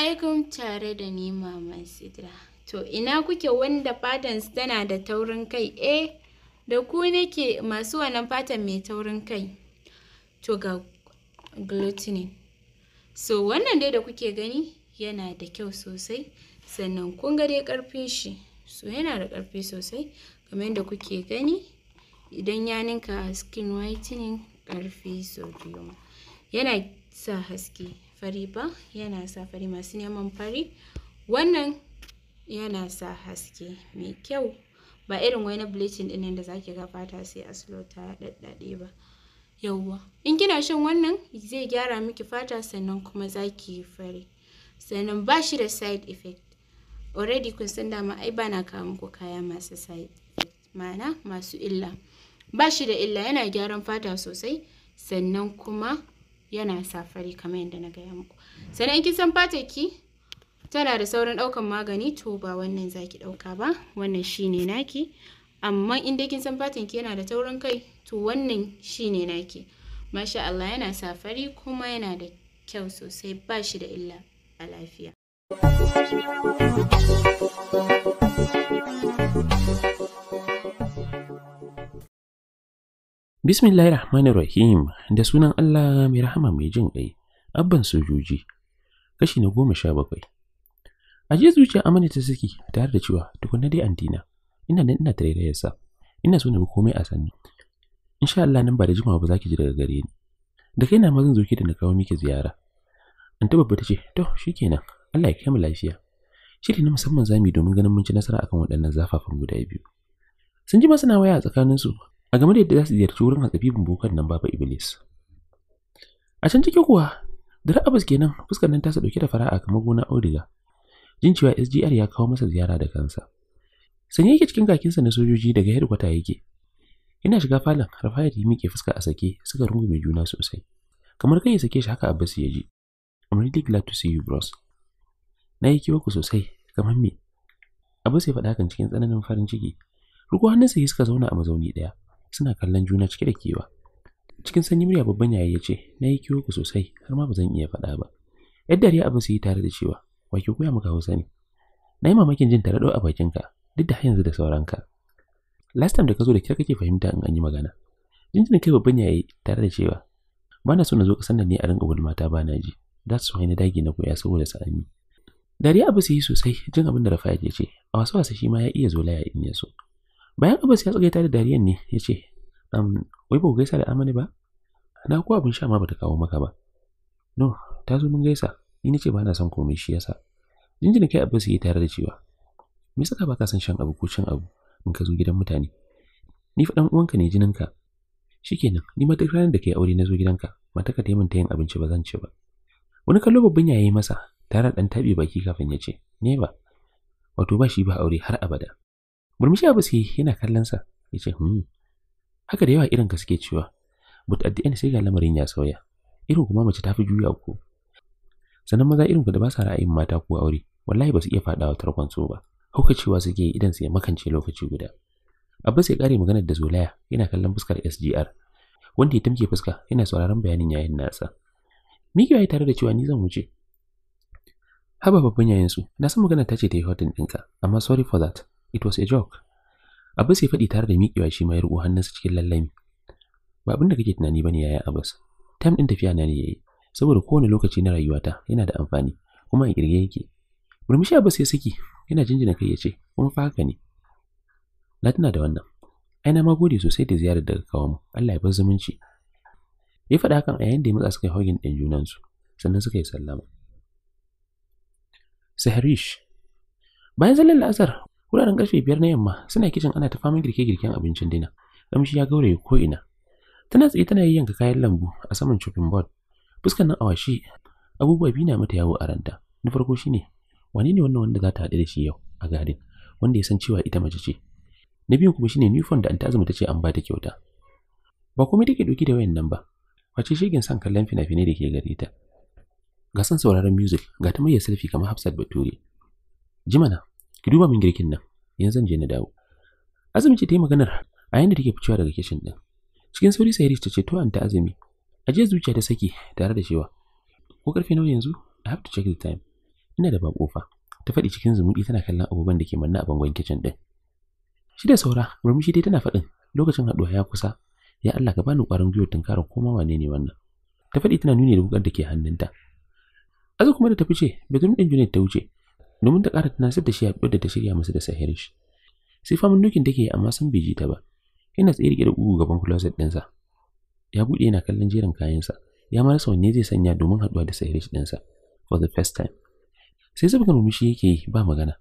alaikum tare da ni Maman Sidra. To ina kuke wanda fatansu tana da taurin kai? Eh, da ku nake masu wannan fatan mai taurin kai. To ga glutenin. So wannan dai da kuke gani yana da kyau sosai, sannan kun ga dai karfin shi. So yana da karfi sosai, kamar yadda kuke gani idan ya ninka skin whitening karfi so biyu Yana sa haske. fari ba yana sa fari masu neman fari wannan yana sa haske mai kyau ba irin wani bleaching din da zaki ga fata sai a slow ta daddade ba yawwa in kina shan wannan zai gyara miki fata sannan kuma zaki yi fari sannan ba shi da side effect already kun san dama ai bana kawo muku kaya masu side effect ma'ana masu illa ba shi da illa yana gyaran fata sosai sannan kuma yana safari kamar yadda na gaya muku sannan in kin san fatar ki tana da saurin ɗaukan magani to ba wannan zaki ɗauka ba wannan shine naki amma in dai kin san fatar ki yana da taurin kai to wannan shine naki masha Allah yana safari kuma yana da kyau sosai ba shi da illa a lafiya. Bismillahir Rahmanir Rahim da sunan Allah mai rahama mai jin ƙai, abban sojoji, kashi na goma sha bakwai. A je zuciya amana ta saki tare da cewa tukunna dai antina, ina nan ina tare da yasa, ina so na bi komai a sanni. Insha Allah nan ba da jimawa ba za ki ji daga gare ni. Da kai na ma zan zo ki da na kawo miki ziyara. Anta babba ta ce, to shi kenan, Allah ya kai mu lafiya. Shiri na musamman zamu yi domin ganin mun ci nasara akan waɗannan zafafan guda biyu. Sun ji masana waya a tsakaninsu a game da yadda za su ziyarci wurin hatsafi bokan nan baba iblis a can ciki kuwa da abbas kenan fuskar nan tasa dauke da fara'a kamar gona auduga jin cewa sgr ya kawo masa ziyara da kansa sanye yake cikin kakinsa na sojoji daga Heru-kwata yake ina shiga falon rafayar yi miƙe fuska a sake suka rungume juna sosai kamar kai ya sake shi haka abbas ya ji i'm really glad to see you bros na yi kiwa ku sosai kamar me abbas ya faɗa kan cikin tsananin farin ciki riko hannunsa ya suka zauna a mazauni ɗaya suna kallon juna cike da kewa cikin sanyi murya babban yayi ya ce na yi kiwo ku sosai har ma ba zan iya faɗa ba yadda dariya abin su yi tare da cewa wa ke koya maka hausa ne na yi mamakin jin tare a bakinka duk da hayanzu yanzu da sauranka last time da ka zo da kyar kake fahimta in an yi magana jinjin kai babban yayi tare da cewa ba na so na zo ka nan ne a rinka ta ba na ji that's why na dage na koya saboda sa'ani dariya abu su yi sosai jin abin da rafa ya ce a wasu wasa shi ma ya iya zo laya in ya so bayan abbas ya ta da dariyan ne ya ce wai ba ku gaisa da amani ba na ko abin sha ma ba ta kawo maka ba no ta zo mun gaisa ni na ce ba na son komai shi yasa jinjina kai abbas ya yi tare da cewa me saka ba ka san shan abu ko cin abu in ka zo gidan mutane ni fa dan uwanka ne jininka shikenan ni ma duk ranar da kai aure na zo gidanka mata ka taimanta yin abinci ba zan ci ba wani kallo babban yayi masa tare da dan tabe baki kafin ya ce ne ba wato ba shi ba aure har abada Murmushi abu sai eh, yana kallonsa ya ce, "Hmm, haka da yawa irin ka suke cewa, but at the end sai ga lamarin ya sauya, irin kuma mace ta fi juya ku." Sannan maza irin ku da ba sa ra'ayin mata ko aure, wallahi ba su iya faɗawa tarkon su ba, cewa suke yi idan sai makance lokaci guda. Abbas ya kare maganar da Zulaya yana kallon fuskar SGR, wanda ya tamke fuska yana sauraron bayanin yayin nasa. Miki ya tare da cewa ni zan wuce, haba babban yayin su na san magana ta ce ta yi hotin ɗinka amma sorry for that It was a joke. Abbas ya faɗi tare da miƙewa shi ma ruwa riƙo hannunsa cikin lallami. Ba abin da kake tunani bane yaya Abbas. Time ɗin tafiya na ne yayi. Saboda kowane lokaci na rayuwata yana da amfani kuma a kirge yake. Murmushi Abbas ya saki yana jinjina kai ya ce kuma fa haka ne. Na tuna da wannan. Ai na ma gode sosai da ziyarar da kawo mu. Allah ya bar zumunci. Ya faɗa hakan a yayin da ya matsa suka yi hogin ɗan junansu sannan suka yi sallama. Saharish Bayan zallan la'asar, Wuraren karfe biyar na yamma suna kicin ana ta faman girke-girken abincin dina. Kamshi ya gauraye ko'ina. Tana tsaye tana yi yanka kayan lambu a saman chopping board. Fuskan nan awashi abubuwa biyu na mata yawo a ranta. Na farko shine wane ne wannan wanda za ta haɗu da shi yau a garin wanda ya san cewa ita mace ce. Na biyu kuma shine new phone da anta azumi ta ce an ba ta kyauta. Ba komai take ɗauki da wayan nan ba. Face shigin san kallon fina-finai da ke gare ta. ga son sauraron music ga ta mayar selfie kamar Hafsat Bature. Jimana ki duba min girkin nan yanzu zan je na dawo azumi ce ta yi maganar a yanda take ficewa daga kishin din cikin sauri sai ta ce to an ta azumi a je zuciya ta saki tare da cewa ko karfe nawa yanzu i have to check the time ina da ba kofa ta faɗi cikin zumuɗi tana kallon abubuwan da ke manna a bangon kicin din shi da saura murmushi dai tana faɗin lokacin haɗuwa ya kusa ya Allah ka bani ƙwarin gwiwa tunkarar koma wane ne wannan ta faɗi tana nuni da wukar da ke hannunta azu kuma da ta fice bedroom din Junet ta wuce domin ta ƙara tunasar da shi a da ta shirya masa da sahirish sai famin nukin take amma san bai ji ta ba yana tsaye rike da ugu gaban closet ɗinsa ya buɗe yana kallon jerin kayansa ya ma rasa wanne zai sanya domin haɗuwa da sahirish ɗinsa for the first time sai zabga murmushi yake yi ba magana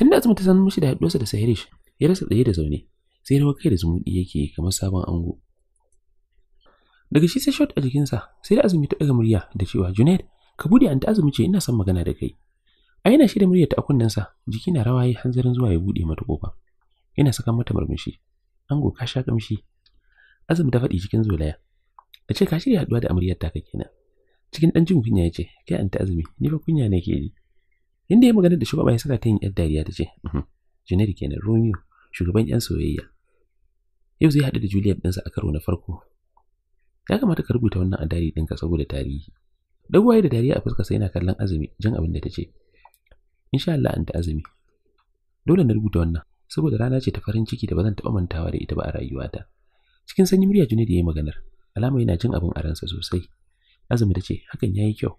tun da azumi ta san mishi da haɗuwarsa da sahirish ya rasa tsaye da zaune sai rawar kai da zumuɗi yake yi kamar sabon ango daga shi sai shot a jikinsa sai da azumi ta ɗaga murya da cewa junaid ka buɗe an ta azumi ce ina son magana da kai A yana shirya muryarta a sa, jiki na rawa yi hanzarin zuwa ya bude mata kofa Yana saka mata murmushi. Ango ka sha kamshi. Azum ta faɗi cikin zolaya. A ce ka shirya haduwa da amaryar ta na. Cikin ɗan jin kunya ya ce, kai an ta azumi, ni fa kunya ne ke ji. Inda ya magana da shugaba ya saka ta yin ‘yar dariya ta ce, uhm, Janairu kenan Romeo, shugaban ‘yan soyayya. Yau zai haɗu da Juliet ɗinsa a karo na farko. Ya kamata ka rubuta wannan a dari ɗinka saboda tarihi. Dagwaye da dariya a fuska sa yana kallon azumi jan abin da tace insha Allah an ta azumi dole na rubuta wannan saboda rana ce ta farin ciki da ba zan taɓa mantawa da ita ba a rayuwata cikin sanyi murya Junaid ya yi maganar alama yana jin abin a ransa sosai azumi ta ce hakan ya yi kyau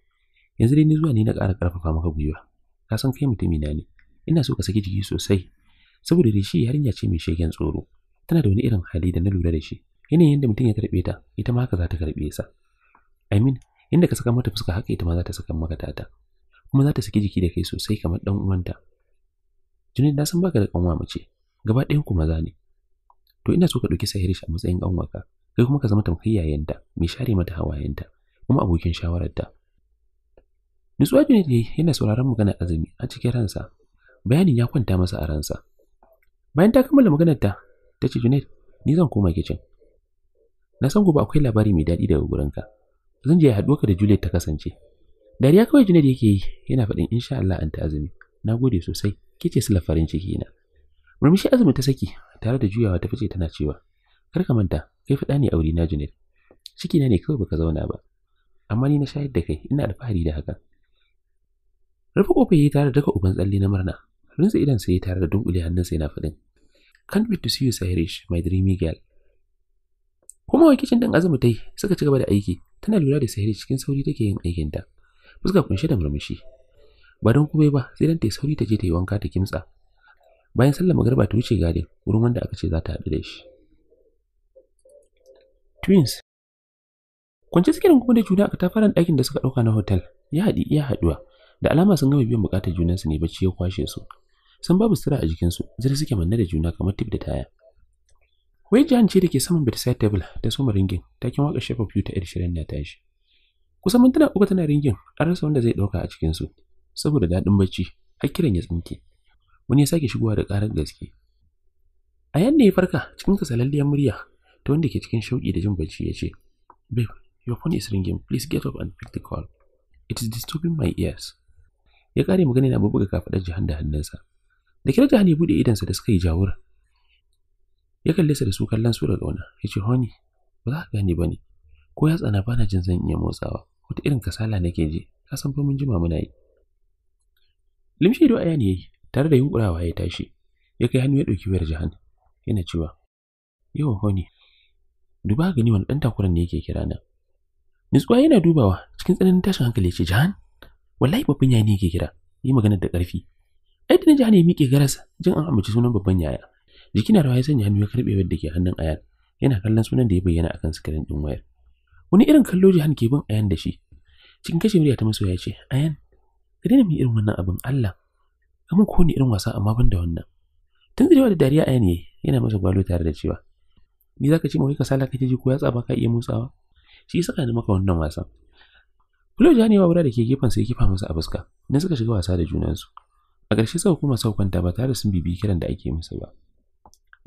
yanzu dai ni zuwa ne na ƙara ƙarfafa maka gwiwa ka san kai na ne ina so ka saki jiki sosai saboda da shi yarinya ce mai shegen tsoro tana da wani irin hali da na lura da shi yanayin yadda mutum ya karɓe ta ita ma haka za ta karɓe sa Amin, inda ka saka mata fuska haka ita ma za ta saka maka tata kuma za ta saki jiki da kai sosai kamar ɗan uwanta. Junaid na san baka da ƙanwa mace, gaba ɗayan ku maza ne. To ina so ka ɗauki Sahirish a matsayin ƙanwarka, kai kuma ka zama tamkar yayanta, mai share mata hawayenta, kuma abokin shawararta. Nutsuwa Junaid dai yana sauraron magana Azumi a cikin ransa. Bayanin ya kwanta masa a ransa. Bayan ta kammala maganar ta, ta ce Junaid, ni zan koma kicin. Na san gobe akwai labari mai daɗi daga gurinka. Zan je haɗuwa ka da Juliet ta kasance. Dariya kawai Junaid yake yi yana faɗin insha Allah an ta azumi. Na gode sosai, kice sila farin ciki na. Murmushi azumi ta saki tare da juyawa ta fice tana cewa, Kar ka manta, kai faɗa ne aure na Junaid. Ciki na ne kawai baka zauna ba. Amma ni na shayar da kai, ina alfahari da haka. Rufe kofar yayi tare da daka uban tsalle na murna. Rinsa idan sai tare da dunkule hannunsa yana faɗin. Can't wait to see you Sahirish, my dreamy girl. Kuma wakicin din azumi ta yi, suka ci gaba da aiki, tana lura da Sairish cikin sauri take yin aikinta. fuska kunshe da murmushi ba don kuma ba sai dan ta sauri ta je ta yi wanka ta kimtsa bayan sallar magarba ta wuce gadin wurin wanda aka ce za ta haɗu da shi twins kwance suke da kuma da juna aka tafaran ɗakin da suka ɗauka na hotel ya haɗi iya haɗuwa da alama sun gama biyan buƙatar junansu ne bacci ya kwashe su sun babu sura a jikinsu zai suke manne da juna kamar tip da taya wai jihan ce da ke saman bedside table ta suma ringin takin waka shafa fiye ta irishirin na tashi Kusan mintuna uku tana ringin an rasa wanda zai ɗauka a cikinsu saboda daɗin bacci har kiran ya tsinke. Wani ya sake shigowa da ƙarar gaske. A yanda ya farka cikin kasalalliyar murya ta wanda ke cikin shauƙi da jin bacci ya ce, Babe, your phone is ringing. Please get up and pick the call. It is disturbing my ears. Ya ƙare magana yana buga kafaɗar Jahan da hannunsa. Da kira Jahan ya buɗe idansa da suka yi jawur. Ya kalle sa da su kallon su da ƙauna. Ya ce, Honey, ba za ka gane ba ne. Ko yatsa na bana jin zan iya motsawa. wata irin kasala nake ji ka san fa mun jima muna yi Limshe do aya ne yayi tare da yunkurawa ya tashi ya kai hannu ya dauki wayar jahan yana cewa yawa honi duba gani wani dan takuran ne yake kira na nitsuwa yana dubawa cikin tsananin tashin hankali ce jahan wallahi babban yayi ne yake kira yi magana da karfi ai da jahan ya miƙe garasa, jin an amince sunan babban yaya jikina na rawa ya sanya hannu ya karbe wadda ke hannun aya yana kallon sunan da ya bayyana akan sikirin din wayar Wani irin kallo Jihan ke bin Ayan da shi. Cikin kashe murya ta ya ce, Ayan, ka daina mai irin wannan abin Allah. ko ne irin wasa amma ban da wannan. Tun zirewa da dariya Ayan ne yana masa gwalo tare da cewa. Ni za ka ce mawai kasala kake ji ko yatsa ba ka iya motsawa? Shi saka ni maka wannan wasan. Fulo Janewa wura da ke gefen sai kifa masa a fuska, na suka shiga wasa da junansu. A ƙarshe suka kuma sau kwanta ba tare sun bibi kiran da ake musu ba.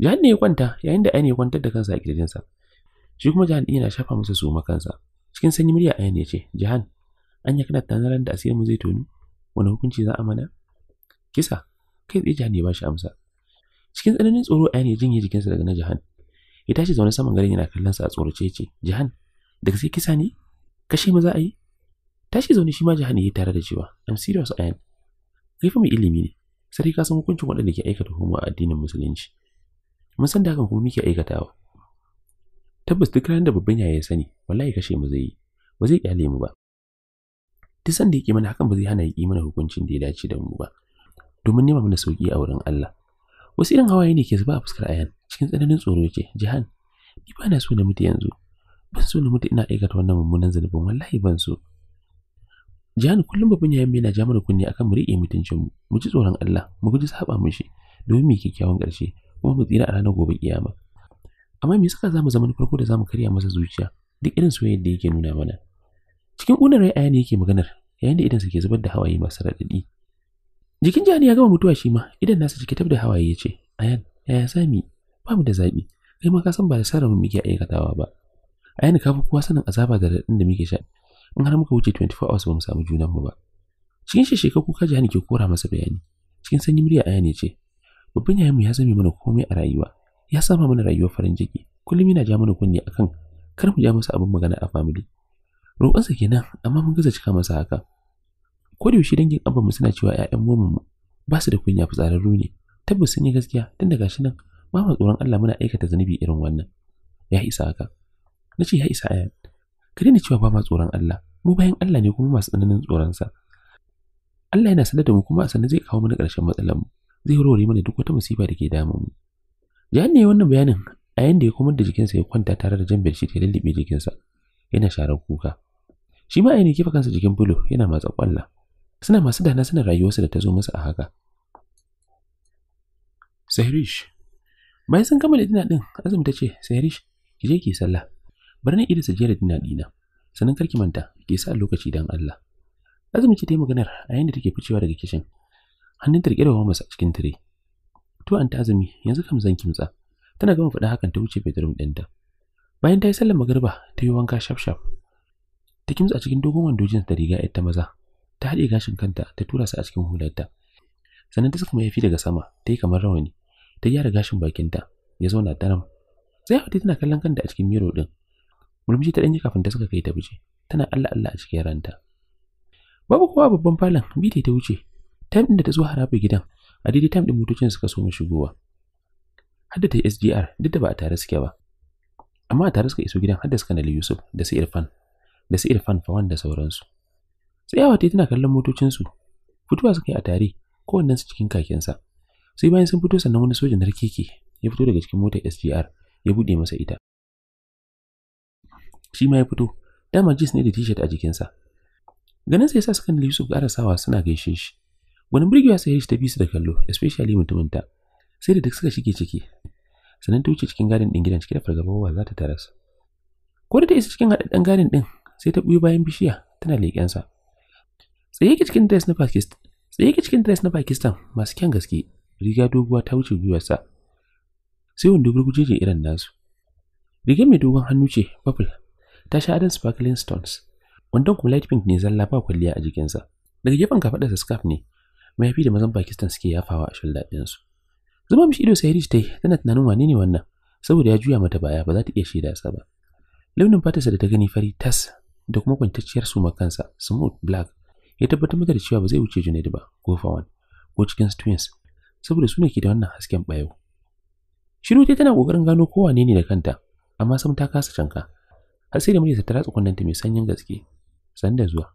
jihan ne ya kwanta yayin da Ayan ya kwantar da kansa a kirjinsa. shi kuma Jahan ɗin yana shafa masa su makansa cikin sanyi murya ayan ya ce Jahan anya kana tanaran da asirin mu zai tonu wani hukunci za a mana kisa kai tsaye Jahan ya ba shi amsa cikin tsananin tsoro ayan ya jinye jikinsa daga na Jahan ya tashi zaune saman garin yana kallon sa a tsorace ce Jahan daga sai kisa ne kashe mu za a yi tashi zaune shi ma Jahan ya yi tare da cewa am serious ayan kai fa mai ilimi ne Sarki ka san hukuncin waɗanda ke aikata homo a addinin musulunci mun san da hakan kuma muke aikatawa tabbas duk ran da babban yaya ya sani wallahi kashe mu zai yi ba zai kyale mu ba duk sanda yake mana hakan ba zai hana yi mana hukuncin da ya dace da mu ba domin nema mana sauki a wurin Allah wasu irin hawaye ne ke zuba a fuskar ayan cikin tsananin tsoro ce jihan ni ba na so na mutu yanzu ban so na mutu ina aikata wannan mummunan zanubin wallahi ban so jihan kullum babban yayan yana ja mana kunni akan mu riƙe mutuncin mu mu ji tsoron Allah mu guji saba mishi domin mu kyakkyawan ƙarshe kuma mu tsira a ranar gobe kiyama amma me suka za mu zama na farko da za mu karya masa zuciya duk irin soyayyar da yake nuna mana cikin ƙunar rai ayani yake maganar yayin da idan ke zubar da hawaye masu raɗaɗi jikin jani ya gama mutuwa shi ma idan nasu cike tab da hawaye ya ce ayan yaya sami ba mu da zaɓi kai ma ka san ba da sarrafa muke aikatawa ba ayan ka fi kowa sanin azaba da raɗaɗin da muke sha in har muka wuce 24 hours ba mu samu junanmu ba cikin shisheka kuka jani ke kora masa bayani cikin sanyi murya ayani ne ce babban yayin mu ya zame mana komai a rayuwa ya sama mana rayuwar farin ciki kullum yana ja mana kunni akan kar mu ja masa abin magana a family roƙonsa kenan amma mun gaza cika masa haka ko da yaushe dangin abin mu suna cewa ƴaƴan mu ba su da kunya fitsararru ne tabbas sun yi gaskiya tun daga shi nan ba mu tsoron Allah muna aikata zunubi irin wannan ya isa haka na ce ya isa aya ka daina cewa ba ma tsoron Allah mu bayan Allah ne kuma masu tsananin tsoronsa Allah yana sanar da mu kuma a sanar zai kawo mana ƙarshen matsalar mu zai warware mana duk wata musiba da ke damun mu Jihan ne wannan bayanin a yanda ya komar da jikinsa ya kwanta tare da jan bedsheet ya lullube jikinsa yana sharar kuka. Shi ma ainihin kifa kansa jikin bulo yana matsa kwalla. Suna masu dana suna rayuwarsa da ta zo masa a haka. Sahirish Bayan sun kammala dina din, Azumi ta ce, "Sahirish, ki je ki sallah. Bari na jiya da dina dina. Sannan karki manta, ki sa lokaci dan Allah." Azumi ce ta yi maganar a yanda ta take ficewa daga kishin. Hannun ta rike masa cikin tire. to an ta azumi yanzu kam zan kimtsa tana gama faɗa hakan ta wuce bedroom ɗinta bayan ta yi sallar magariba ta yi wanka shaf shaf ta kimtsa a cikin dogon wando da riga yar ta maza ta haɗe gashin kanta ta tura su a cikin hularta sannan ta saka mayafi daga sama ta yi kamar rawani ta gyara gashin bakinta ya zauna daram sai hati tana kallon kanta a cikin mirror din murmushi ta danyi kafin ta saka kai ta fice tana Allah Allah a cikin ranta babu kowa babban falon bi ta wuce time din da ta zo harabe gidan a daidai time din motocin suka so mu shigowa hadda ta SGR duk da ba a tare suke ba amma a tare suka iso gidan hadda suka nali Yusuf da su Irfan da su Irfan da sauransu tsayawa ta tana kallon motocin su fituwa suka yi a tare su cikin kakin sa sai bayan sun fito sannan wani sojan narkeke ya fito daga cikin motar SGR ya bude masa ita shi ma ya fito dama jeans ne da t-shirt a jikinsa ganin sai sa suka nali Yusuf arasawa suna gaishe shi wani burgewa sai ta bi su da kallo especially mutumunta ta sai da duk suka shige ciki sannan ta wuce cikin gadin din gidan cike da fargaba za ta taras ko da ta isa cikin haɗaɗɗen gadin din sai ta buyi bayan bishiya tana leƙensa tsaye yake cikin dress na Pakistan tsaye yake cikin dress na Pakistan masu kyan gaske riga doguwa ta wuce gwiwarsa sai wanda gurguje je irin nasu rigar mai dogon hannu ce purple ta sha adan sparkling stones wandon kuma light pink ne zalla ba kwalliya a jikinsa daga gefen kafaɗarsa scarf ne mayafi da mazan Pakistan suke yafawa a shan daɗinsu. Zuma mishi ido sai Rich ta yi tana tunanin wane ne wannan saboda ya juya mata baya ba za ta iya shaida sa ba. Launin fatarsa da ta gani fari tas da kuma kwantacciyar su kansa smooth black ya tabbatar mata da cewa ba zai wuce Junaid ba ko Fawan ko cikin twins saboda su ne ke da wannan hasken bayo. Shiru ta tana kokarin gano ko wane ne da kanta amma sam ta kasa canka. Har sai da muryarsa ta ratsa kunnanta mai sanyin gaske. Sanda zuwa.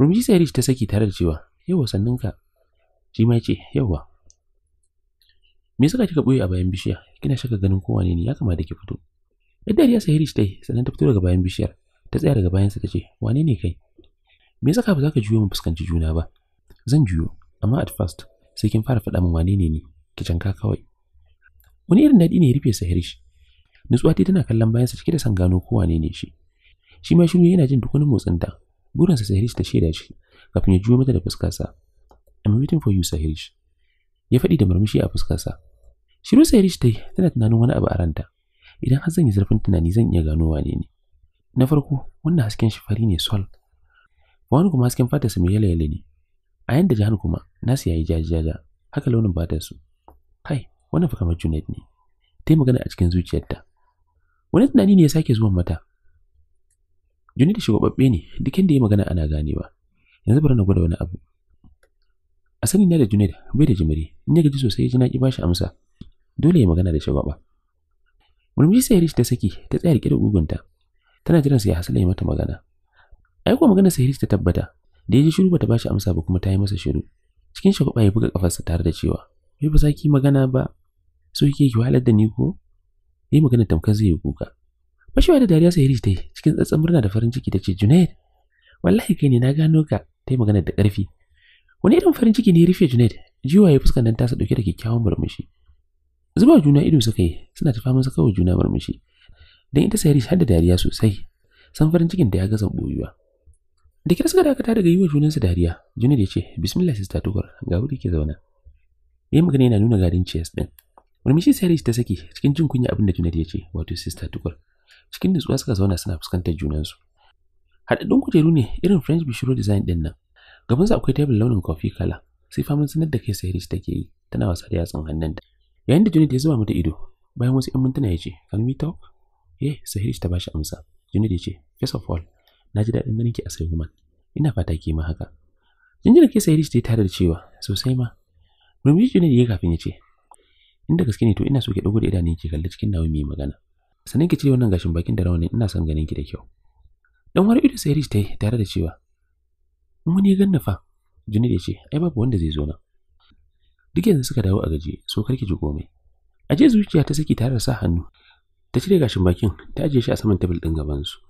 Rumji sai Rich ta saki tare da cewa yau wasanninka shi ma ya ce yauwa me suka kika ɓoye a bayan bishiya kina shaka ganin kowa ne ya kamata ki fito yadda ya sahiri ta sannan ta fito daga bayan bishiyar ta tsaya daga bayansa ta ce wane ne kai me saka ba za ka juyo mu fuskanci juna ba zan juyo amma at first sai kin fara faɗa min wane ne ni ki canka kawai wani irin daɗi ne ya rufe sahiri shi nutsuwa ta tana kallon bayansa cike da san gano ko wane ne shi shi ma shiru yana jin duk motsinta motsin ta burinsa sahiri ta shaida shi kafin ya juyo mata da fuskarsa I'm waiting for you, Sahirish. Ya faɗi da murmushi a fuskarsa. Shiru Sahirish ta yi tana tunanin wani abu a ranta. Idan har zan yi zarfin tunani zan iya gano wane ne. Na farko, wannan hasken shi fari ne sol. Wani kuma hasken fatarsa mai yala-yala ne. A yanda jihar kuma, nasu yayi jajaja, haka launin su. Kai, wannan fa kamar Junaid ne. Ta yi magana a cikin zuciyarta. Wani tunani ne ya sake zuwan mata. Junaid shugababbe ne, duk inda ya magana ana ganewa. Yanzu bari na gwada wani abu. a sani na da Junaid bai da jimiri in ya gaji sosai ya ji na ki bashi amsa dole ya magana da shagwaba murmushi sai rish ta saki ta tsaya rike da gugunta tana jiran sai Hasala ya mata magana ai maganar magana sai rish ta tabbata da ya ji shiru bata bashi amsa ba kuma ta yi masa shiru cikin shagwaba ya buga kafarsa tare da cewa bai ba saki magana ba so yake ki wahalar da ni ko Yi magana tamkar zai yi kuka Fashewa da dariya sai rish ta yi cikin tsatsan murna da farin ciki ta ce Junaid wallahi kai ne na gano ka ta yi magana da ƙarfi Wani irin farin ciki ne ya rufe Junaid, jiwaye fuskar nan tasa dauke da kyakkyawan murmushi. Zuba juna ido suka yi, suna tafa masa kawai juna murmushi. Dan ita Sayarish har da dariya sosai, san farin cikin da ya gaza boyuwa. Da kira suka dakata daga yiwa sa dariya, Junaid ya ce, Bismillah sista tukur, ga wuri ke zauna. Yayin magana yana nuna garin chest din. Murmushi Sayarish ta saki cikin jin kunya abinda Junaid ya ce, wato sista tukur. Cikin nutsuwa suka zauna suna fuskantar junansu. Haɗaɗɗun kujeru ne irin French Bistro design ɗin nan, gabansa akwai tebul launin kofi kala sai faman sanar da kai sai take yi tana wasa da yatsun ta yayin da Junaid ya zuba mata ido bayan wasu 'yan mintuna ya ce can we talk eh Sahirish ta bashi amsa Junaid ya ce first of all na ji daɗin ganin ki a woman ina fata ki ma haka jinjira ke Sahirish ta yi tare da cewa sosai ma murmushi Junaid ya kafin ya ce inda gaske ne to ina so ki dago da idanun ki kalli cikin nawa mai magana sannan ki cire wannan gashin bakin da rawanin ina son ganin ki da kyau dan wani ido Sahirish ta yi tare da cewa in wani ya ganna fa Junaid ya ce ai babu wanda zai zo na. duk yanzu suka dawo a gaje so karki ji komai aje zuciya ta saki tare da sa hannu ta cire gashin bakin ta ajiye shi a saman tabil din gaban su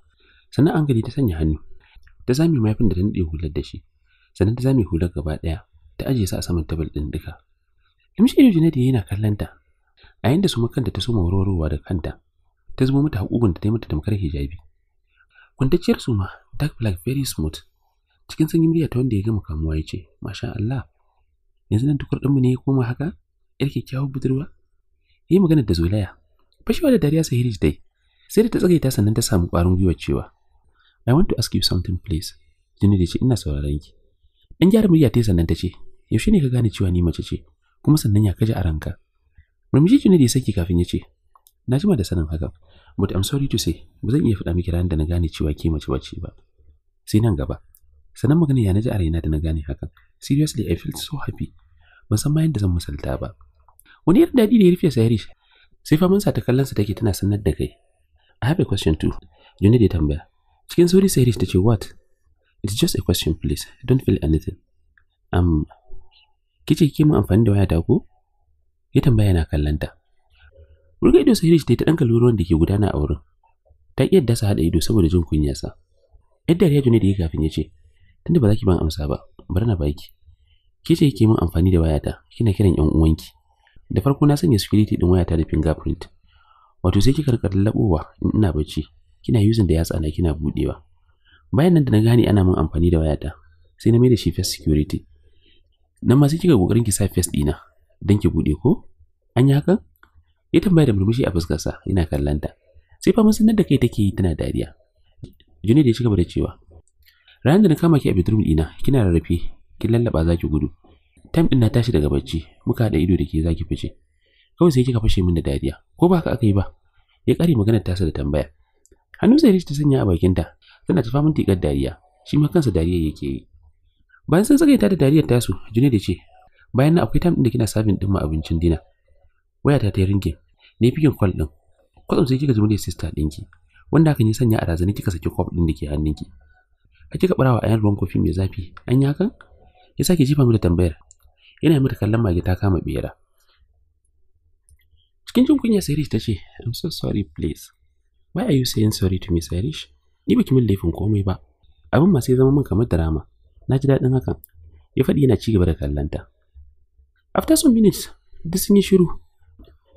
sannan an gari ta sanya hannu ta zame mayafin da ta nade hular da shi sannan ta zame hular gaba daya ta ajiye sa a saman tabil din duka limshi ido Junaid yana kallon ta a yanda su su makanta ta soma warwarowa da kanta ta zubo mata hakugun da ta yi mata tamkar hijabi kwantacciyar su ma dark black very smooth Cikin sanyin murya ta wanda ya gama kamuwa ya ce, Masha Allah, yanzu nan tukur ɗinmu ne ya koma haka? ‘Yar kyakkyawa budurwa? Ya yi maganar da zolaya. Fashewa da dariya sahiri dai, sai da ta tsagaita sannan ta samu ƙwarin gwiwa cewa, I want to ask you something please. Jini da ce, ina sauraron ki. Ɗan gyara murya ta yi sannan ta ce, yaushe ne ka gane cewa ni mace ce, kuma sannan ya kaji a ranka. Murmushi Jini da ya saki kafin ya ce, na jima da sanin haka but i'm sorry to say ba zan iya faɗa miki ranar da na gane cewa ke mace bace ba sai nan gaba sannan magana ya naji a raina da na gane hakan seriously i feel so happy ban san ma yadda zan misalta ba wani yadda daɗi da ya rufe sayarish sai faman sa ta kallon sa take tana sanar da kai i have a question too juni da tambaya cikin sauri sayarish ta ce what it's just a question please I don't feel anything um kice ki mu amfani da waya ta ko ya tambaya yana kallon ta Wurga ido sayarish ta ɗan kalli ruwan da ke gudana a wurin ta ƙi yadda sa haɗa ido saboda jin kunyarsa yadda ya juni da ya kafin ya ce tunda ba za ki ban amsa ba bari na baki ke ce kike min amfani da wayata kina kiran yan uwanki da farko na sanya security din wayata da fingerprint wato sai kika rika labowa in ina bacci kina using da yatsa na kina budewa bayan nan da na gane ana min amfani da wayata sai na mai da shi face security nan ma sai kika kokarin ki sa face dina dan ki bude ko an yi hakan ya tambaya da murmushi a fuskarsa yana kallanta sai fa mun sanar da kai take yi tana dariya juni da ya ci gaba da cewa Ranar da na kama ki a bedroom dina, kina rarrafe, kin lallaba zaki gudu. Tam ɗin na tashi daga bacci, muka haɗa ido da ke za fice. Kawai sai kika fashe min da dariya, ko ba haka aka yi ba? Ya ƙare maganar tasa da tambaya. Hannu sai ta sanya a bakinta, tana tafa min tikar dariya, shi ma kansa dariya yake yi. Bayan sun tsagaita da dariyar tasu, da ce, bayan na akwai tam ɗin da kina sabin ɗin ma abincin dina. waya ta yi ringin, ne fikin kwal din. Kwatsam sai kika zo da sista dinki, wanda hakan ya sanya a razani kika saki kwaf ɗin da ke hannunki. kika barawa a yan ruwan kofi mai zafi an yi hakan ya sake jifa mata tambayar yana mata kallon mage ta kama bera cikin jin kunya Sarish ta ce I'm so sorry please why are you saying sorry to me Sarish ni baki min laifin komai ba abin ma sai zama min kamar drama na ji daɗin hakan ya faɗi yana cigaba da kallanta after some minutes duk sun yi shiru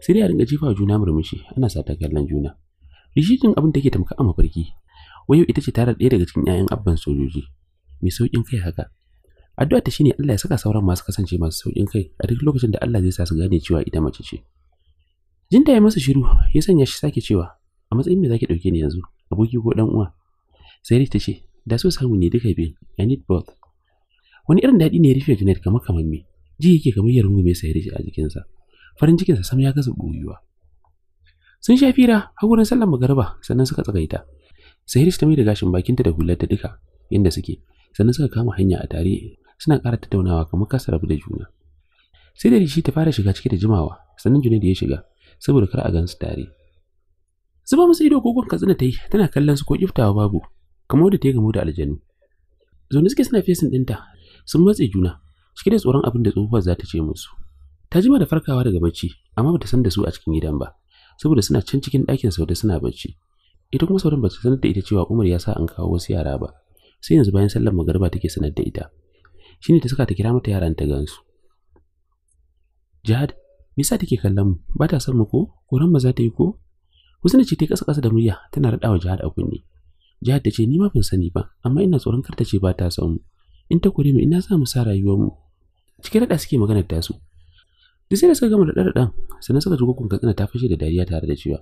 sai dai a ringa jefa juna murmushi ana sata kallon juna rishikin abin da ke tamka a mafarki wayo ita ce tare ɗaya daga cikin 'ya'yan abban sojoji mai sauƙin kai haka addu'a ta shine Allah ya saka sauran masu kasance masu sauƙin kai a duk lokacin da Allah zai sa su gane cewa ita mace ce jinta ya masa shiru ya sanya shi sake cewa a matsayin me zaki dauke ni yanzu aboki ko dan uwa sai ta ce da so samu ne duka biyun. i need both wani irin daɗi ne ya rufe Junaid kamar kamar me ji yake kamar ya rungume sai rufe a jikinsa farin cikinsa sam ya gaza boyuwa sun sha fira har wurin sallar magariba sannan suka tsagaita Sahiris ta mai da gashin bakinta da hularta duka inda suke, sannan suka kama hanya a tare suna ƙara tattaunawa kamar kasa rabu da juna. Sai da shi ta fara shiga cike da jimawa, sannan juna da ya shiga saboda kar a gansu tare. Zuba musu ido kogon katsina ta yi tana kallon su ko kiftawa babu, kamar da ta yi gamo da aljanu. Zaune suke suna fesin ɗinta sun matse juna cike da tsoron abin da tsohuwar za ta ce musu. Ta jima da farkawa daga bacci amma bata san da su a cikin gidan ba saboda suna can cikin ɗakin sau da suna bacci. ita kuma sauran ba su sanar da ita cewa Umar ya sa an kawo wasu yara ba sai yanzu bayan sallar magariba take sanar da ita shine ta saka ta kira mata yaran ta gansu Jihad me yasa take kallon mu ba ta san mu ko ko ba za ta yi ko Husna ce ta kasa kasa da murya tana radawa Jihad a kunne Jihad ta ce ni ma ban sani ba amma ina tsoron kar ta ce ba ta san mu in ta kore mu ina za mu sa rayuwar mu cikin rada suke maganar tasu duk sai da suka gama da dadan sannan suka ji gukun katsina ta fashe da dariya tare da cewa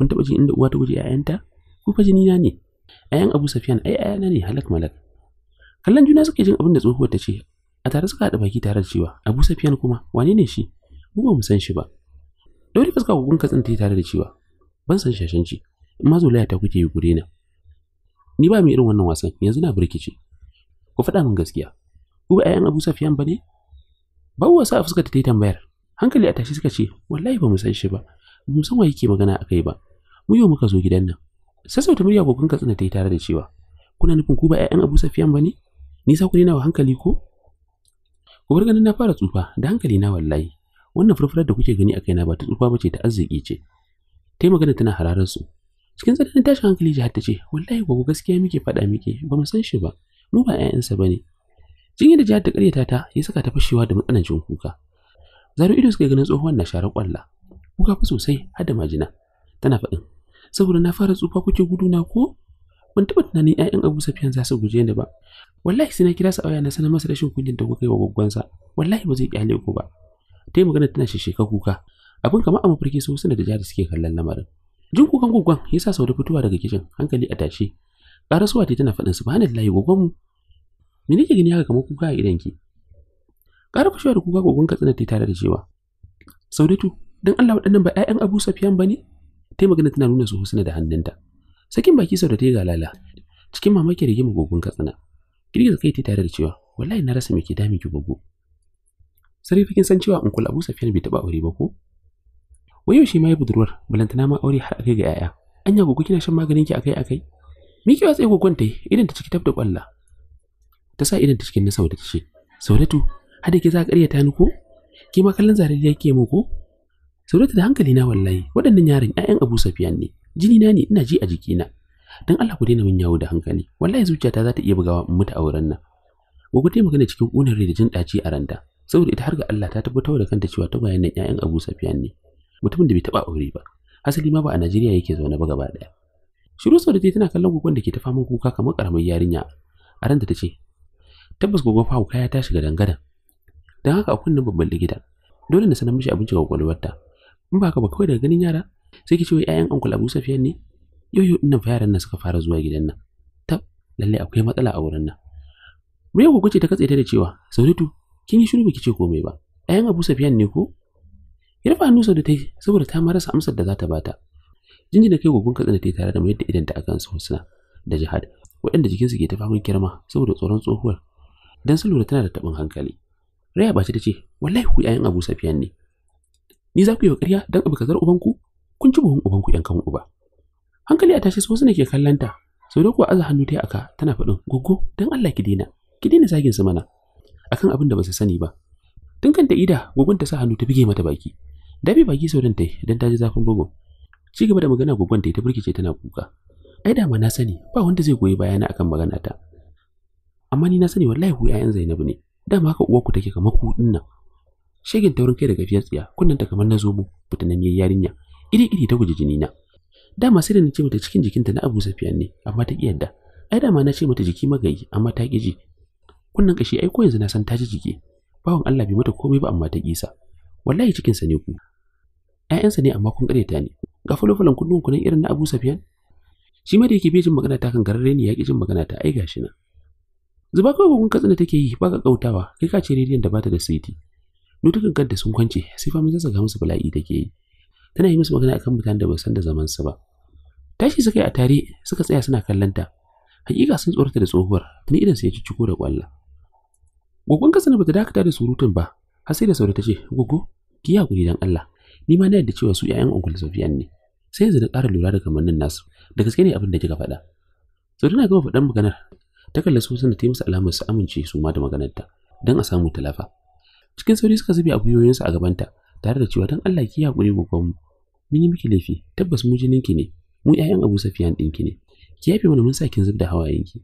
kun taɓa jin inda uwa ta guje ‘ya'yanta ko fa jini na ne ‘ya'yan abu safiyan ai na ne halak malak kallon juna suke jin abin da tsohuwar ta ce a tare suka haɗa baki tare da cewa abu safiyan kuma wane ne shi mu ba mu san shi ba daure fuska gugun katsin ta tare da cewa ban san shashanci in ma zolaya ta kuke yi ku na. ni ba mu irin wannan wasan yanzu na birkice ku faɗa min gaskiya ku ba ‘ya'yan abu safiyan ba ne Ba wasa a fuskar ta yi tambayar hankali a tashi suka ce wallahi ba mu san shi ba mu san wa yake magana akai ba mu yau muka zo gidan nan sassauta murya gogon katsina ta yi tare da cewa kuna nufin ku ba 'ya'yan abu safiyan ba ne nisa ku na wa hankali ko ku bar ganin na fara tsufa da hankali na wallahi wannan furfurar da kuke gani akai na ba ta tsufa ba ce ta arziki ce ta yi magana tana hararar su cikin tsananin tashin hankali jihar ta ce wallahi gogo gaskiya muke faɗa muke ba mu san shi ba mu ba 'ya'yansa ba ne jinya da jihar ta ƙaryata ta ya saka ta fashewa da matsanancin kuka zaro ido suka ganin tsohuwan na sharar kwalla kuka fi sosai har da majina tana faɗin saboda na fara tsufa kuke na ko ban taɓa tunanin 'ya'yan Abu Safiyan za su guje ni ba wallahi sai na kira sa na sanar masa rashin kunyar da kuka yi wa gwaggwansa wallahi ba zai kyale ku ba ta yi magana tana shisheka kuka abin kamar a mafarki su suna da jari suke kallon lamarin jin kukan gwaggwan ya sa sau da fitowa daga kicin hankali a tashe ƙarasuwa ta tana faɗin subhanallahi gwaggwanmu me nake gani haka kamar kuka a ki? ƙara fashewa da kuka gwaggwan katsina ta tare da cewa tu. don Allah waɗannan ba 'ya'yan Abu Safiyan ba ne? magana tana nuna su husna da hannunta. Sakin baki sau da ta yi galala, cikin mamaki rigima gogon katsina. Girgiza kai ta tare da cewa, wallahi na rasa miki ke dami ki gogo. Sarki fikin san cewa Unkul Abu Safiyan bai taɓa aure ba ko? Wai yau shi ma ya budurwar, balantana ma aure har akai ga 'ya'ya. Anya gogo kina shan maganin ki akai-akai? Mikewa tsaye gogon ta yi, idan ta ciki tafda kwalla. Ta sa idan ta cikin na da ta ce, Saudatu, hada ki za ka ta ni ko? Ki ma kallon zarari yake mu ko? saurata da hankali na wallahi waɗannan yaran ƴaƴan Abu Sufyan ne jini na ne ina ji a jiki na dan Allah ku daina min yawo da hankali wallahi zuciyata za ta iya bugawa in mutu a wurin nan ku ta magana cikin ƙunar rai da jin daci a ranta saboda ita har ga Allah ta tabbatar da kanta cewa ta bayan ƴaƴan Abu Sufyan ne mutumin da bai taba aure ba asali ma ba a Najeriya yake zaune ba gaba daya shiru sau da tana kallon gogon da ke ta faman kuka kamar karamar yarinya a ranta ta ce tabbas gogon fawo kaya ta shiga dangadan don haka a kunnen babban likita dole na sanar mishi abinci ga ta in ba ka ba kawai daga ganin yara sai ki ce wai ƴaƴan uncle Abu Sufyan ne yo ina fa yaran nan suka fara zuwa gidan nan tab lalle akwai matsala a wurin nan me yau kuce ta katse ta da cewa Sauratu kin yi shiru biki ce komai ba ƴaƴan Abu Sufyan ne ko Yarfa nusa da ta yi saboda ta marasa amsar da za ta bata jinjina kai gugun katsina ta yi tare da mai da idan ta akan su da jihad waɗanda jikinsu ke ta faman kirma saboda tsoron tsohuwar dan su lura tana da tabin hankali Raya bace ta ce wallahi ku ƴaƴan Abu Sufyan ne ni za ku yi wa ƙarya don abu kazar ubanku kun ci buhun ubanku yan kan uba hankali a tashi wasu ne ke kallanta sau da kuwa aza hannu ta aka tana faɗin goggo don Allah ki daina ki daina zagin su mana akan abin da ba su sani ba tun kanta ida gogon ta sa hannu ta bige mata baki dabi baki sau dan ta yi don ta ji zafin bugun ci gaba da magana gogon ta ta birkice tana kuka ai da ma na sani ba wanda zai goyi bayana akan magana ta amma ni na sani wallahi ku 'ya'yan Zainabu ne dama haka uwarku take kamar ku dinnan shegin taurin kai daga fiyar tsiya ta kamar na zobo fitananniyar yarinya iri-iri ta guji jini na dama sai da na ce mata cikin jikinta na abu safiyan ne amma ta ki yadda ai dama na ce mata jiki magayi amma ta ki ji kunnan kashi ai ko yanzu na san ta ji jiki bawan Allah bai mata komai ba amma ta kisa wallahi cikin sa ne ku ƴaƴansa ne amma kun ta ne ga falofalan kunnuwan kunan irin na Abu Safiyan shi ma da yake bejin magana ta kan gararre ne ya ki jin magana ta ai gashi na zuba kawai kun katsina take yi ba kautawa kai ka ce rediyon da bata da saiti gaggar kanta sun kwance sai mun zaga musu bala'i take yi tana yi musu magana akan mutanen da ba san da zaman su ba tashi suka yi a tare suka tsaya suna kallon ta hakika sun tsorata da tsohuwar tuni idan sai ya ciciko da kwalla gogon kasa bata dakata da surutun ba har sai da saura ta ce gogo ki ya guri dan Allah ni ma na yadda cewa su yayan Uncle Sofiyan ne sai yanzu na ƙara lura da kamannin nasu da gaske ne abin da kika faɗa so na gama faɗan maganar ta kalla su suna ta yi musu alamar su amince su ma da maganarta don a samu talafa cikin sauri suka zube a gwiwoyinsu a gabanta tare da cewa don Allah ki haƙuri gogon mu mun yi miki laifi tabbas mu jininki ne mu ƴaƴan Abu Safiyan ɗinki ne ki yafe mana mun sa kin ki hawayenki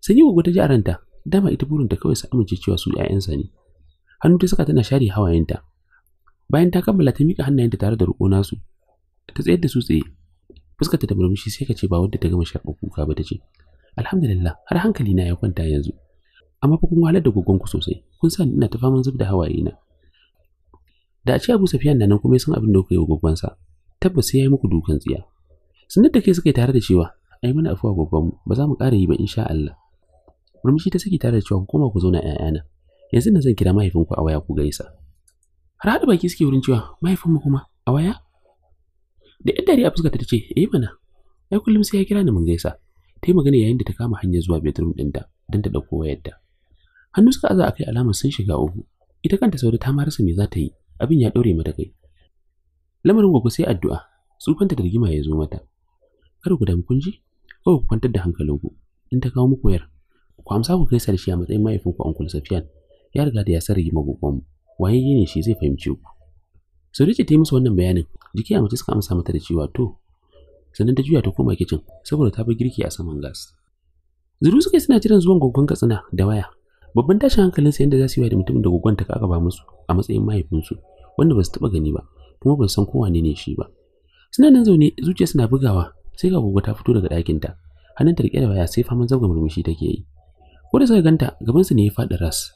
sanyi gogo ta ji a ranta dama ita burinta kawai su amince cewa su ƴaƴansa ne hannu ta saka tana share hawayenta bayan ta kammala ta miƙa hannayenta tare da roƙo nasu ta tsayar da su tsaye fuskarta da murmushi sai ka ce ba wadda ta gama sharɓar kuka ba ta ce alhamdulillah har hankali na ya kwanta yanzu amma fa kun wahalar da gogonku sosai kun sa ina ta faman zub da hawaye na da a ce Abu Safiyan nan kuma sun abin da kuka yi wa gogonsa tabbas sai ya yi muku dukan tsiya sun da ke suka yi tare da cewa ai mana afuwa gogonmu ba za mu ƙara yi ba insha Allah murmushi ta saki tare da cewa ku koma ku zauna ƴaƴana yanzu na zan kira mahaifinku a waya ku gaisa har haɗu baki suke wurin cewa mahaifinmu kuma a waya da yan dare a fuskata ta ce eh mana ai kullum sai ya kira ni mun gaisa ta yi magana yayin da ta kama hanyar zuwa bedroom ɗinta don ta ɗauko da hannu suka aza akai alamar sun shiga uku ita kanta sauda ta marasa me za ta yi abin ya ɗore mata kai lamarin gogo sai addu'a tsufanta da rigima ya zo mata kar ku damu kun ji kawai ku kwantar da hankalinku in ta kawo muku yar ku amsa ku kai sarshi a matsayin mahaifinku uncle safiyan ya riga da ya san rigima gogonmu waye ne shi zai fahimci ku ce ta yi musu wannan bayanin, jiki a mace suka amsa mata da cewa to, sannan ta juya ta koma kicin saboda ta bar girki a saman gas. Zuru suka suna jiran zuwan gwaggon katsina da waya babban tashin hankalinsa yadda za su yi da mutumin da guguwan ta kaka ba musu a matsayin mahaifinsu wanda ba su taɓa gani ba kuma ba su san wane ne shi ba suna nan zaune zuciya suna bugawa sai ga ta fito daga ɗakinta ta riƙe da waya sai faman zauga murmushi take yi ko da suka ganta gaban su ne ya faɗi ras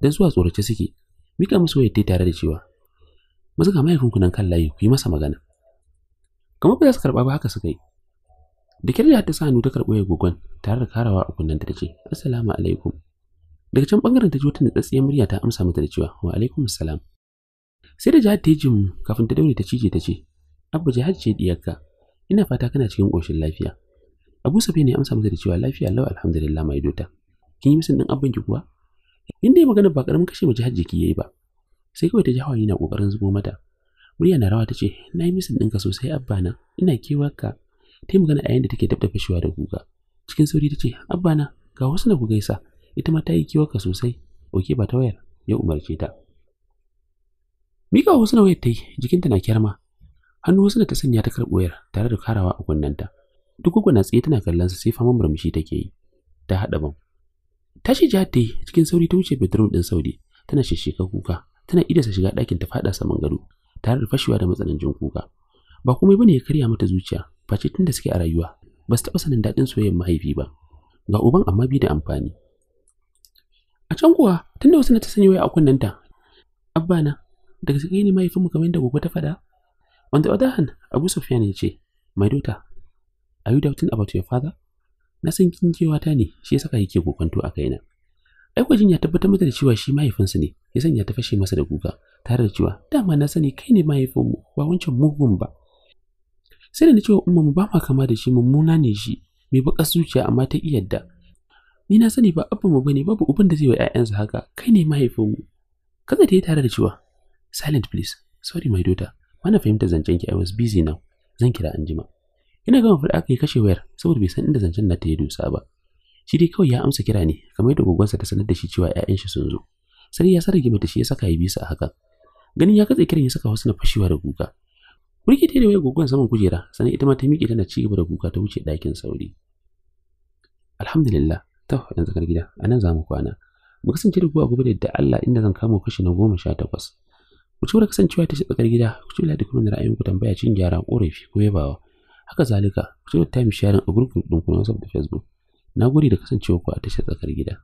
dan zuwa tsorace suke mika musu wayar tare da cewa mu zuga mahaifinku nan kan layi ku yi masa magana kamar ba za su karɓa ba haka suka yi da kirya ta sa hannu ta karɓo ya gugun tare da karawa a kunnanta ta ce assalamu alaikum daga can bangaren ta ji wata natsatsiyar murya ta amsa mata da cewa wa alaikum salam sai da jihar ta yi kafin ta daure ta cije ta ce abba jihar ce diyarka ina fata kana cikin koshin lafiya abu safi ne amsa mata da cewa lafiya lau alhamdulillah mai dota kin yi misin din abin ki kuwa inda ya magana ba karamin kashe mu jihar jiki yayi ba sai kawai ta ji hawaye na kokarin zubo mata murya na rawa ta ce na yi misin ɗinka sosai abba na ina kewarka ta yi magana a yayin da take dab da fashewa da guga cikin sauri ta ce abba na ga wasu na ku gaisa ita ma ta yi kiwaka sosai oke ba ta wayar ya umarce ta mika wasu na wayar ta yi jikinta na kyarma hannu wasu da ta sanya ta karɓo wayar tare da karawa a kunnanta duk uku na tsaye tana kallon sa sai fama murmushi take yi ta haɗa ban tashi jihar ta yi cikin sauri ta wuce bedroom ɗin saudi tana shishshika kuka tana idasa shiga ɗakin ta faɗa saman gado tare da fashewa da matsanancin kuka ba komai bane ya karya mata zuciya face tun da suke a rayuwa ba su taɓa sanin daɗin soyayyar mahaifi ba ga uban amma bi da amfani a can kuwa tun wasu na ta sanya waya a kunnenta abba na daga cikin ne mahaifinmu kamar da gogo ta fada on the other hand abu ya ce my daughter are you doubting about your father na san kin ta ne shi yasa yake kokonto a kaina ai kwajin ya tabbatar mata da cewa shi mahaifinsu ne ya sanya ta fashe masa da kuka tare da cewa dama na sani kai ne mahaifin mu ba wancan mugun ba sai da na cewa umma mu ba ma kama da shi mummuna ne shi mai bakar zuciya amma ta iya yadda ni na sani ba abin mu bane babu uban da zai wa ƴaƴansa haka kai ne mahaifinmu kaza ta yi tare da cewa silent please sorry my daughter bana fahimta zancen ki i was busy now zan kira anjima ina gama fada aka yi kashe wayar saboda bai san inda zancen na ta yi dusa ba shi dai kawai ya amsa kira ne kamar yadda gogonsa ta sanar da shi cewa ƴaƴan shi sun zo sai ya sarge mata shi ya saka ya bisa a hakan ganin ya katse kiran ya saka wasu na fashewa da kuka Burki ta wayar gogon saman kujera sannan ita ma ta miƙe tana ci gaba da kuka ta wuce ɗakin sauri alhamdulillah To, yanzu kar gida, a nan za mu kwana. Mu kasance da kuwa gobe da yadda Allah inda zan kama kashi na goma sha takwas. Ku ci kasancewa ta tsakar gida, ku ci da kuma da ra'ayinku tambaya cin gyara korafi ko yabawa. Haka zalika, ku ci time sharing a gurgurdinku na WhatsApp da Facebook. Na gode da kasancewa ku a tashar tsakar gida.